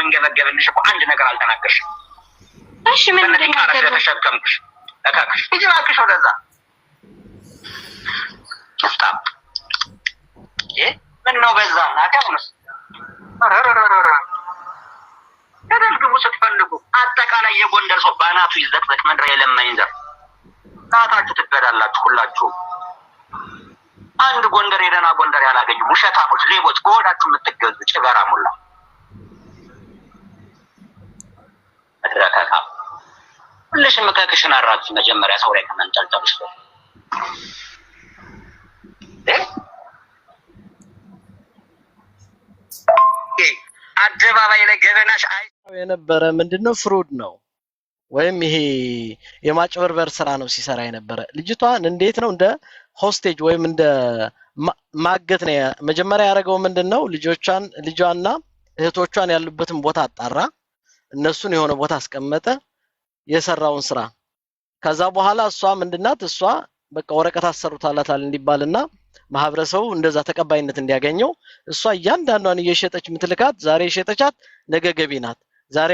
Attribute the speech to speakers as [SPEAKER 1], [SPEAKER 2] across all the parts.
[SPEAKER 1] የምንገበገብልሽ እኮ አንድ ነገር አልተናገርሽም።
[SPEAKER 2] እሺ ምን ቃረሽ
[SPEAKER 1] ለተሸከምኩሽ ለካክሽ
[SPEAKER 2] ሂጂ እባክሽ ወደዛ
[SPEAKER 1] ስጣ ምን ነው በዛ ናቀውንስ ተደግሙ ስትፈልጉ አጠቃላይ የጎንደር ሰው በአናቱ ይዘቅዘቅ። መድረ የለመኝ ዘር ናታችሁ ትበዳላችሁ ሁላችሁም። አንድ ጎንደር የደህና ጎንደር ያላገኙ ውሸታሞች፣ ሌቦች በሆዳችሁ የምትገዙ ጭበራ ሙላ አትረካካ። ሁልሽም እከክሽን አራግፊ መጀመሪያ ሰው ላይ ከመንጠልጠልሽ አደባባይ ላይ ገበናሽ
[SPEAKER 3] የነበረ ምንድን ነው? ፍሩድ ነው ወይም ይሄ የማጭበርበር ስራ ነው ሲሰራ የነበረ። ልጅቷን እንዴት ነው እንደ ሆስቴጅ ወይም እንደ ማገት ነው መጀመሪያ ያደረገው። ምንድን ነው ልጆቿን ልጇና እህቶቿን ያሉበትን ቦታ አጣራ። እነሱን የሆነ ቦታ አስቀመጠ የሰራውን ስራ። ከዛ በኋላ እሷ ምንድናት እሷ በቃ ወረቀት አሰሩታላታል እንዲባልና ማህበረሰቡ እንደዛ ተቀባይነት እንዲያገኘው እሷ እያንዳንዷን እየሸጠች ምትልካት፣ ዛሬ የሸጠቻት ነገ ገቢ ናት። ዛሬ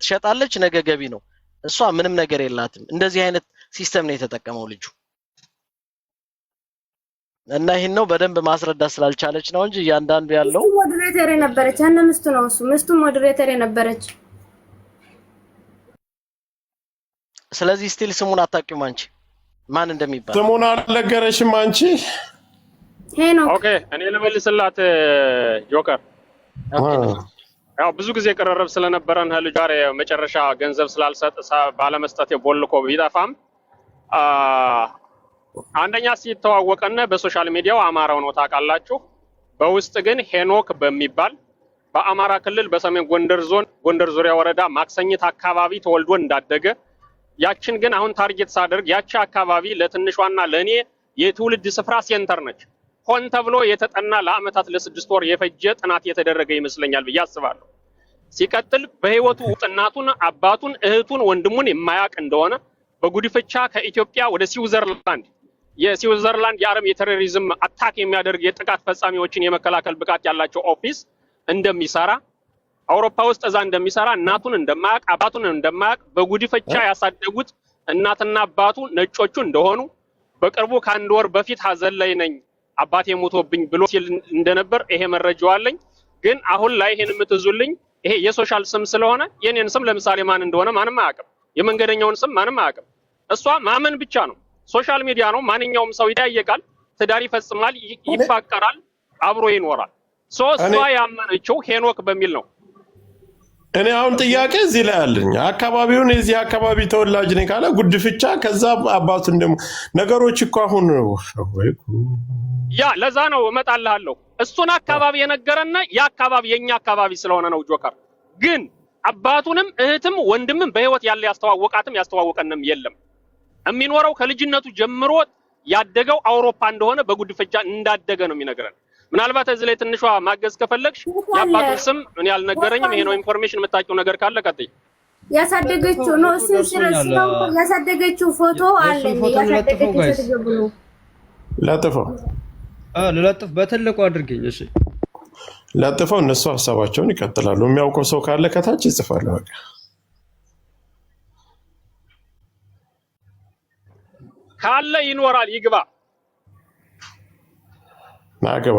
[SPEAKER 3] ትሸጣለች፣ ነገ ገቢ ነው። እሷ ምንም ነገር የላትም። እንደዚህ አይነት ሲስተም ነው የተጠቀመው ልጁ እና ይህን ነው በደንብ ማስረዳት ስላልቻለች ነው እንጂ እያንዳንዱ ያለው
[SPEAKER 2] ሞዴሬተር የነበረች አነ ምስቱ ነው እሱ ምስቱ ሞዴሬተር የነበረች
[SPEAKER 3] ስለዚህ ስቲል ስሙን አታውቂውም አንቺ ማን እንደሚባል
[SPEAKER 4] ስሙን አልነገረሽም አንቺ
[SPEAKER 5] ኦኬ እኔ ልመልስላት ጆከር ያው ብዙ ጊዜ ቅርርብ ስለነበረን ጋር መጨረሻ ገንዘብ ስላልሰጥ ባለመስጠት የቦልኮ ቢጠፋም አንደኛ ሲተዋወቀን በሶሻል ሚዲያው አማራው ነው ታውቃላችሁ በውስጥ ግን ሄኖክ በሚባል በአማራ ክልል በሰሜን ጎንደር ዞን ጎንደር ዙሪያ ወረዳ ማክሰኝት አካባቢ ተወልዶ እንዳደገ ያችን ግን አሁን ታርጌት ሳደርግ ያቺ አካባቢ ለትንሿና ለእኔ የትውልድ ስፍራ ሴንተር ነች። ሆን ተብሎ የተጠና ለአመታት ለስድስት ወር የፈጀ ጥናት የተደረገ ይመስለኛል ብዬ አስባለሁ። ሲቀጥል በህይወቱ ጥናቱን አባቱን፣ እህቱን፣ ወንድሙን የማያውቅ እንደሆነ በጉድፍቻ ከኢትዮጵያ ወደ ስዊዘርላንድ የስዊዘርላንድ የአረብ የቴሮሪዝም አታክ የሚያደርግ የጥቃት ፈጻሚዎችን የመከላከል ብቃት ያላቸው ኦፊስ እንደሚሰራ አውሮፓ ውስጥ እዛ እንደሚሰራ እናቱን እንደማያውቅ አባቱን እንደማያውቅ በጉዲፈቻ ያሳደጉት እናትና አባቱ ነጮቹ እንደሆኑ በቅርቡ ከአንድ ወር በፊት ሀዘን ላይ ነኝ አባቴ ሞቶብኝ ብሎ ሲል እንደነበር ይሄ መረጃው አለኝ። ግን አሁን ላይ ይሄን የምትዙልኝ ይሄ የሶሻል ስም ስለሆነ የኔን ስም ለምሳሌ ማን እንደሆነ ማንም አያውቅም። የመንገደኛውን ስም ማንም አያውቅም። እሷ ማመን ብቻ ነው። ሶሻል ሚዲያ ነው። ማንኛውም ሰው ይጠያየቃል፣ ትዳር ይፈጽማል፣ ይፋቀራል፣ አብሮ ይኖራል። ሶ እሷ ያመነችው ሄኖክ በሚል ነው።
[SPEAKER 4] እኔ አሁን ጥያቄ እዚህ ላይ አለኝ። አካባቢውን የዚህ አካባቢ ተወላጅ ነኝ ካለ ጉድፍቻ፣ ከዛ አባቱን ደግሞ ነገሮች እኮ አሁን
[SPEAKER 5] ያ ለዛ ነው እመጣልሃለሁ። እሱን አካባቢ የነገረና የአካባቢ የእኛ አካባቢ ስለሆነ ነው። ጆከር ግን አባቱንም እህትም ወንድምም በህይወት ያለ ያስተዋወቃትም ያስተዋወቀንም የለም። የሚኖረው ከልጅነቱ ጀምሮ ያደገው አውሮፓ እንደሆነ በጉድፍቻ እንዳደገ ነው የሚነግረን። ምናልባት እዚህ ላይ ትንሿ ማገዝ ከፈለግሽ የአባቱን ስም ምን አልነገረኝም። ይሄ ነው ኢንፎርሜሽን። የምታውቂው ነገር ካለ ቀጥይ።
[SPEAKER 2] ያሳደገችው ነው እሱ ስለስለው ያሳደገችው ፎቶ
[SPEAKER 4] አለ። ያሳደገችው ለጥፈው
[SPEAKER 3] አ ለጥፍ በትልቁ አድርገኝ። እሺ
[SPEAKER 4] ለጥፈው። እነሱ ሀሳባቸውን ይቀጥላሉ። የሚያውቀው ሰው ካለ ከታች ይጽፋል። በቃ
[SPEAKER 5] ካለ ይኖራል። ይግባ
[SPEAKER 4] ና ግባ።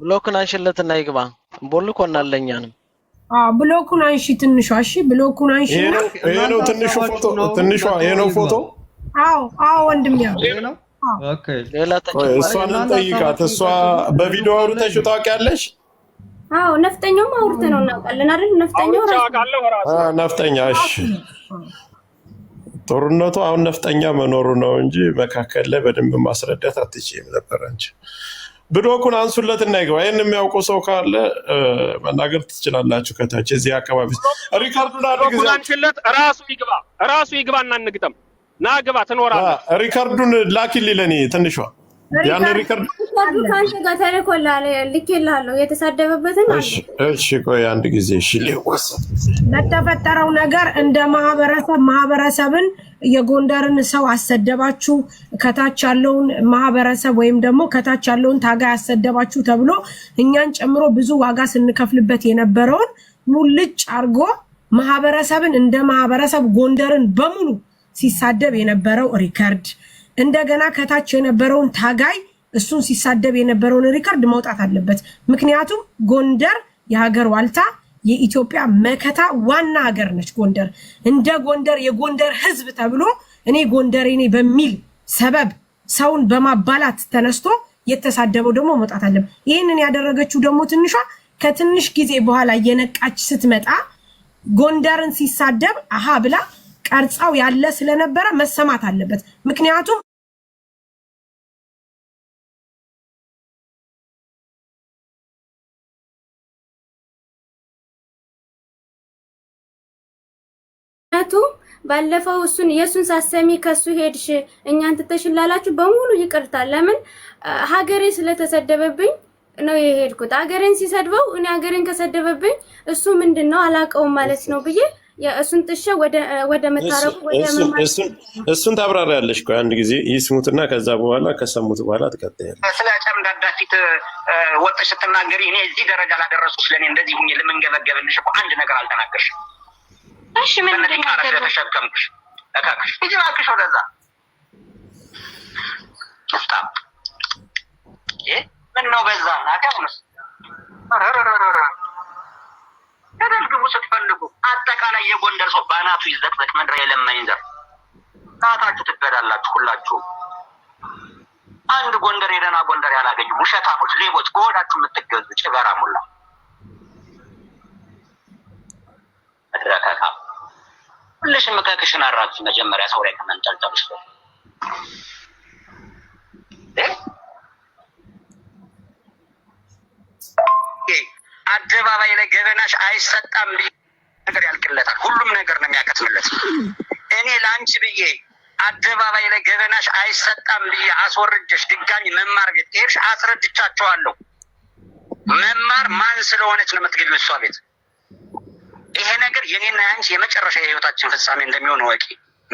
[SPEAKER 3] ብሎክን አንሽለት እና ይግባ። ቦልኮ እናለኛ ነው።
[SPEAKER 2] ብሎኩን አንሺ ትንሿ። እሺ ብሎኩን አንሺ።
[SPEAKER 4] ይሄ ነው ትንሹ ፎቶ፣ ትንሿ ይሄ ነው ፎቶ።
[SPEAKER 2] አዎ አዎ፣ ወንድም ያው
[SPEAKER 4] እሷን እንጠይቃት። እሷ በቪዲዮ አውርተሽ ታውቂያለሽ?
[SPEAKER 2] አዎ ነፍጠኛውም አውርተ ነው እናውቃለን አይደል? ነፍጠኛው
[SPEAKER 4] ራሱ ነፍጠኛ። እሺ ጦርነቱ አሁን ነፍጠኛ መኖሩ ነው እንጂ መካከል ላይ በደንብ ማስረዳት አትችም ነበረ አንቺ። ብዶኩን አንሱለት እና ይገባ። ይህን የሚያውቁ ሰው ካለ መናገር ትችላላችሁ። ከታች እዚህ አካባቢ
[SPEAKER 5] ሪካርዱን ብዶኩን ራሱ ይግባ፣ ራሱ ይግባ እና እንግጠም። ና ግባ፣ ትኖራለህ።
[SPEAKER 4] ሪካርዱን ላኪልኝ ለእኔ ትንሿ
[SPEAKER 2] ያን ሪከርድ ከአንተ ጋር የተሳደበበትን
[SPEAKER 4] እሺ፣ ቆይ አንድ ጊዜ እሺ። ሊወሰድ
[SPEAKER 2] ለተፈጠረው ነገር እንደ ማህበረሰብ ማህበረሰብን የጎንደርን ሰው አሰደባችሁ፣ ከታች ያለውን ማህበረሰብ ወይም ደግሞ ከታች ያለውን ታጋይ አሰደባችሁ ተብሎ እኛን ጨምሮ ብዙ ዋጋ ስንከፍልበት የነበረውን ሙልጭ አርጎ ማህበረሰብን እንደ ማህበረሰብ ጎንደርን በሙሉ ሲሳደብ የነበረው ሪከርድ እንደገና ከታች የነበረውን ታጋይ እሱን ሲሳደብ የነበረውን ሪከርድ መውጣት አለበት። ምክንያቱም ጎንደር የሀገር ዋልታ የኢትዮጵያ መከታ ዋና ሀገር ነች። ጎንደር እንደ ጎንደር የጎንደር ሕዝብ ተብሎ እኔ ጎንደሬ ነኝ በሚል ሰበብ ሰውን በማባላት ተነስቶ የተሳደበው ደግሞ መውጣት አለበት። ይህንን ያደረገችው ደግሞ ትንሿ ከትንሽ ጊዜ በኋላ እየነቃች ስትመጣ ጎንደርን ሲሳደብ አሃ ብላ ቀርጻው ያለ ስለነበረ መሰማት አለበት። ምክንያቱም ባለፈው እሱን የእሱን ሳሰሚ ከሱ ሄድሽ እኛን ትተሽላላችሁ በሙሉ ይቅርታ። ለምን ሀገሬ ስለተሰደበብኝ ነው የሄድኩት። ሀገሬን ሲሰድበው እኔ ሀገሬን ከሰደበብኝ እሱ ምንድን ነው አላውቀውም ማለት ነው ብዬ እሱን ጥሼ ወደ መታረቁ
[SPEAKER 4] እሱን ታብራሪያለሽ። ቆይ አንድ ጊዜ ይስሙትና ከዛ በኋላ ከሰሙት በኋላ ትቀጥያለሽ።
[SPEAKER 1] ስለ ጨምዳዳ ፊት ወጥተሽ ስትናገሪ እኔ እዚህ ደረጃ ላደረሱ ለእኔ እንደዚህ ሁኜ ልምንገበገብልሽ እኮ አንድ ነገር አልተናገርሽም። እሺ ምን ተሸከምኩሽ እካክሽ እጅ እባክሽ ወደዛ ምን ነው በዛ ናቀ ተደልግቡ ስትፈልጉ አጠቃላይ የጎንደር ሰው በአናቱ ይዘቅዘቅ። መድረ የለማኝ ዘር ናታችሁ ትገዳላችሁ ሁላችሁ። አንድ ጎንደር የደና ጎንደር ያላገኙ ውሸታሞች፣ ሌቦች በሆዳችሁ የምትገዙ ጭበራ ሙላ ሁልሽ ምቀቅሽን አራግፊ መጀመሪያ ሰው ላይ ከመንጠልጠሉ በፊት አደባባይ ላይ ገበናሽ አይሰጣም ብዬ ነገር ያልቅለታል። ሁሉም ነገር ነው የሚያከትምለት። እኔ ለአንቺ ብዬ አደባባይ ላይ ገበናሽ አይሰጣም ብዬ አስወርጀሽ ድጋሚ መማር ቤት ሄድሽ አስረድቻቸዋለሁ። መማር ማን ስለሆነች ነው የምትገቢው እሷ ቤት። ይሄ ነገር የኔና ያንቺ የመጨረሻ የህይወታችን ፍጻሜ እንደሚሆን ወቂ።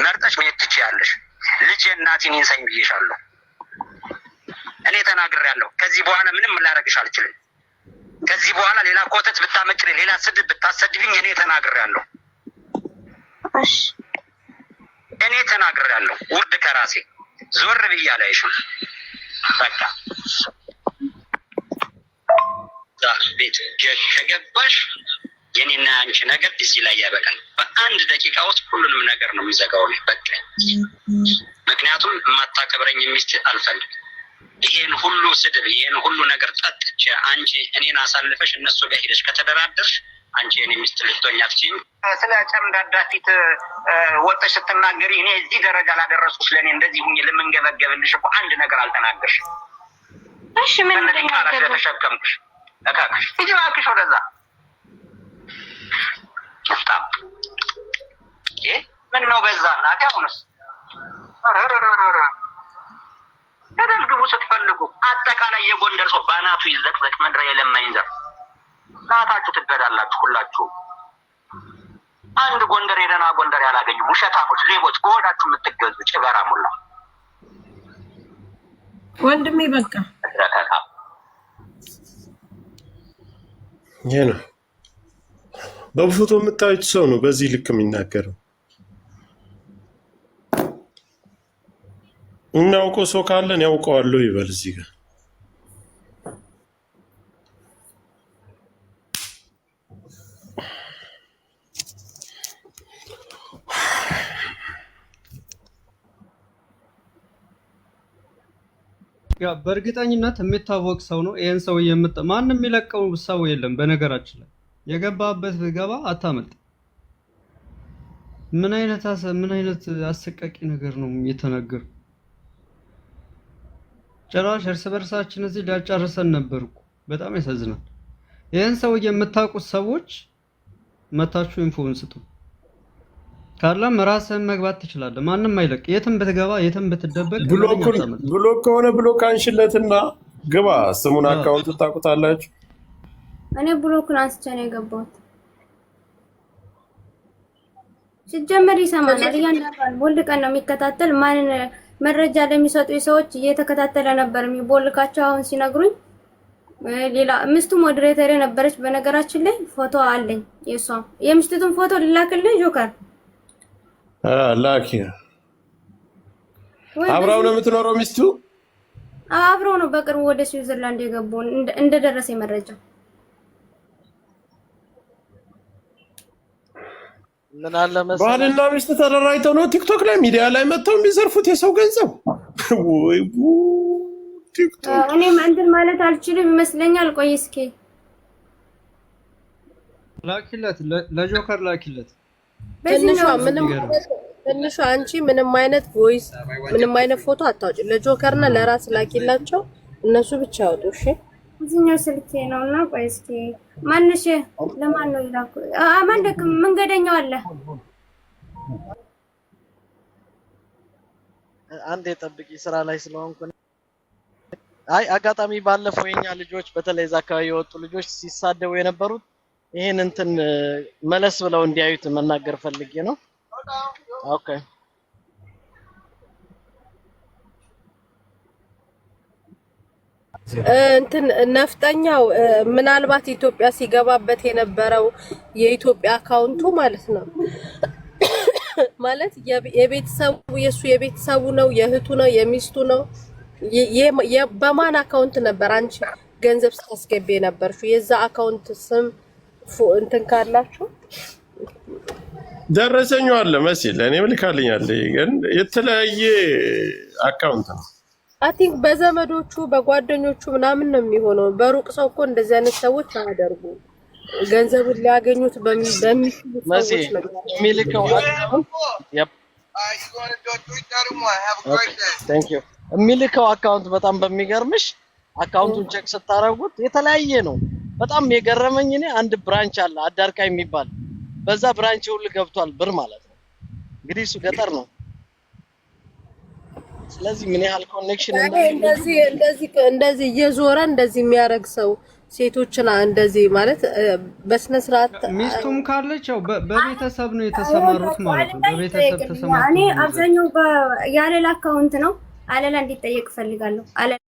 [SPEAKER 1] መርጠሽ መሄድ ትችያለሽ። ልጅ እናቴን ይንሳኝ ብዬሻለሁ። እኔ ተናግሬያለሁ። ከዚህ በኋላ ምንም ላደርግሽ አልችልም። ከዚህ በኋላ ሌላ ኮተት ብታመጭ ሌላ ስድብ ብታሰድብኝ እኔ ተናግሬያለሁ። እኔ ተናግሬያለሁ። ውርድ ከራሴ ዞር ብዬ አላይሽም። በቃ ቤት ከገባሽ የኔና አንቺ ነገር እዚህ ላይ ያበቃል። በአንድ ደቂቃ ውስጥ ሁሉንም ነገር ነው የሚዘጋው። በቃ ምክንያቱም የማታከብረኝ ሚስት አልፈልግም። ይሄን ሁሉ ስድብ ይሄን ሁሉ ነገር ጠጥቼ አንቺ እኔን አሳልፈሽ እነሱ ጋር ሄደሽ ከተደራደርሽ አንቺ እኔ ሚስት ልትሆኛ ትችይም። ስለ ጨምዳዳ ፊት ወጥተሽ ስትናገሪ እኔ እዚህ ደረጃ ላደረስኩሽ ለእኔ እንደዚህ ሁኝ ልምንገበገብልሽ እኮ አንድ ነገር አልተናገርሽ።
[SPEAKER 2] እሺ ምን ቃላት
[SPEAKER 1] ስለተሸከምኩሽ እካክሽ እጅ እባክሽ ወደዛ ምን ነው በዛ ናት አሁንስ ተደግቡ ስትፈልጉ አጠቃላይ የጎንደር ሰው በአናቱ ይዘቅዘቅ። መድረ የለማኝ ዘር ናታችሁ ትገዳላችሁ ሁላችሁ። አንድ ጎንደር የደና ጎንደር ያላገኙ ውሸታሞች፣ ሌቦች በሆዳችሁ የምትገዙ ጭበራ ሙላ
[SPEAKER 2] ወንድሜ በቃ
[SPEAKER 4] ይህ ነው በፎቶ የምታዩት ሰው ነው በዚህ ልክ የሚናገረው። የሚያውቀው ሰው ካለን ያውቀዋለሁ ይበል። እዚህ
[SPEAKER 3] ጋር በእርግጠኝነት የሚታወቅ ሰው ነው። ይህን ሰው የምጠ ማንም የሚለቀው ሰው የለም። በነገራችን ላይ የገባበት ገባ አታመልጥ። ምን አይነት ምን አይነት አሰቃቂ ነገር ነው የተናገረው? ጭራሽ እርስ በርሳችን እዚህ ሊያጨርሰን ነበርኩ። በጣም ያሳዝናል። ይህን ሰው የምታውቁት ሰዎች መታችሁ ኢንፎን ስጡ። ካለም ራስህን መግባት ትችላለህ። ማንም አይለቅ። የትም ብትገባ፣ የትም ብትደበቅ።
[SPEAKER 4] ብሎክ ከሆነ ብሎክ አንሽለትና ግባ። ስሙን አካውንት ታውቁታላችሁ።
[SPEAKER 2] እኔ ብሎኩን አንስቼ ነው የገባሁት። ሲጀመር ይሰማናል። እያንዳንዱ ወልድ ቀን ነው የሚከታተል ማንን መረጃ ለሚሰጡ ሰዎች እየተከታተለ ነበር የሚቦልካቸው። አሁን ሲነግሩኝ ሌላ ምስቱ ሞዴሬተር የነበረች በነገራችን ላይ ፎቶ አለኝ። የሷ የምስቱን ፎቶ ልላክልህ ጆከር?
[SPEAKER 4] ላኪ። አብረው ነው የምትኖረው ሚስቱ?
[SPEAKER 2] አብረው ነው በቅርቡ ወደ ስዊዘርላንድ የገቡ እንደደረሰ መረጃ
[SPEAKER 3] ምን አለ መሰለህ ባልና ሚስት ተደራጅተው ነው ቲክቶክ ላይ ሚዲያ ላይ መጥተው የሚዘርፉት የሰው ገንዘብ።
[SPEAKER 4] ወይ
[SPEAKER 2] እኔም እንትን ማለት አልችልም ይመስለኛል። ቆይ እስኪ
[SPEAKER 3] ላኪለት፣ ለጆከር ላኪለት።
[SPEAKER 2] ትንሹ አንቺ ምንም አይነት ቮይስ ምንም አይነት ፎቶ አታውጭ። ለጆከርና ለራስ ላኪላቸው፣ እነሱ ብቻ ያወጡ። እሺ እዚህኛው ስልኬ ነው እና ቆይ እስኪ ማንሽ ለማን ነው ይላኩ? አማንደክ መንገደኛው አለ።
[SPEAKER 3] አንዴ ጠብቂ፣ ስራ ላይ ስለሆንኩ አይ አጋጣሚ ባለፈው የኛ ልጆች በተለይ እዛ አካባቢ የወጡ ልጆች ሲሳደቡ የነበሩት ይሄን እንትን መለስ ብለው እንዲያዩት መናገር ፈልጌ ነው። ኦኬ
[SPEAKER 2] እንትን ነፍጠኛው ምናልባት ኢትዮጵያ ሲገባበት የነበረው የኢትዮጵያ አካውንቱ ማለት ነው ማለት የቤተሰቡ የእሱ የቤተሰቡ ነው፣ የእህቱ ነው፣ የሚስቱ ነው። በማን አካውንት ነበር አንቺ ገንዘብ ስታስገቢ የነበርሽው? የዛ አካውንት ስም እንትን ካላችሁ
[SPEAKER 4] ደረሰኛው አለ መሲል እኔም ልካልኛል። ግን የተለያየ አካውንት ነው
[SPEAKER 2] አቲንክ በዘመዶቹ በጓደኞቹ ምናምን ነው የሚሆነው። በሩቅ ሰው እኮ እንደዚህ አይነት ሰዎች አያደርጉ። ገንዘቡን ሊያገኙት
[SPEAKER 3] የሚልከው። አካውንት በጣም በሚገርምሽ አካውንቱን ቼክ ስታደርጉት የተለያየ ነው። በጣም የገረመኝ እኔ አንድ ብራንች አለ አዳርቃ የሚባል በዛ ብራንች ሁሉ ገብቷል ብር ማለት ነው። እንግዲህ እሱ ገጠር ነው ስለዚህ ምን ያህል ኮኔክሽን
[SPEAKER 2] እንደዚህ እንደዚህ እንደዚህ እየዞረ እንደዚህ የሚያደርግ ሰው ሴቶችን እንደዚህ ማለት በስነ ስርዓት
[SPEAKER 3] ሚስቱም ያው በቤተሰብ ነው የተሰማሩት ማለት ነው።
[SPEAKER 2] በቤተሰብ ተሰማሩ። እኔ አብዛኛው የአለላ አካውንት ነው። አለላ እንዲጠየቅ እፈልጋለሁ።